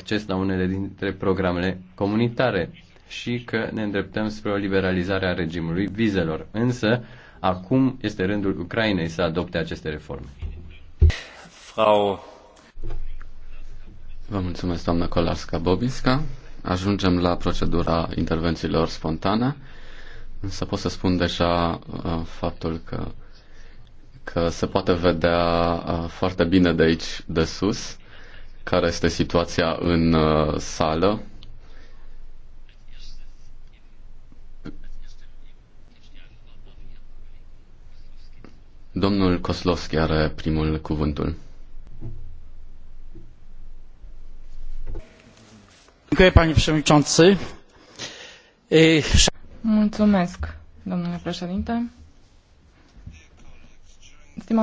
acces la unele dintre programele comunitare și că ne îndreptăm spre o liberalizare a regimului vizelor. Însă, acum este rândul Ucrainei să adopte aceste reforme. Frau... Vă mulțumesc, doamnă Kolarska-Bobinska. Ajungem la procedura intervențiilor spontane. Însă pot să spun deja uh, faptul că, că se poate vedea uh, foarte bine de aici, de sus care este situația în uh, sală. Domnul Koslovski are primul cuvântul. Mulțumesc, domnule președinte. Stimați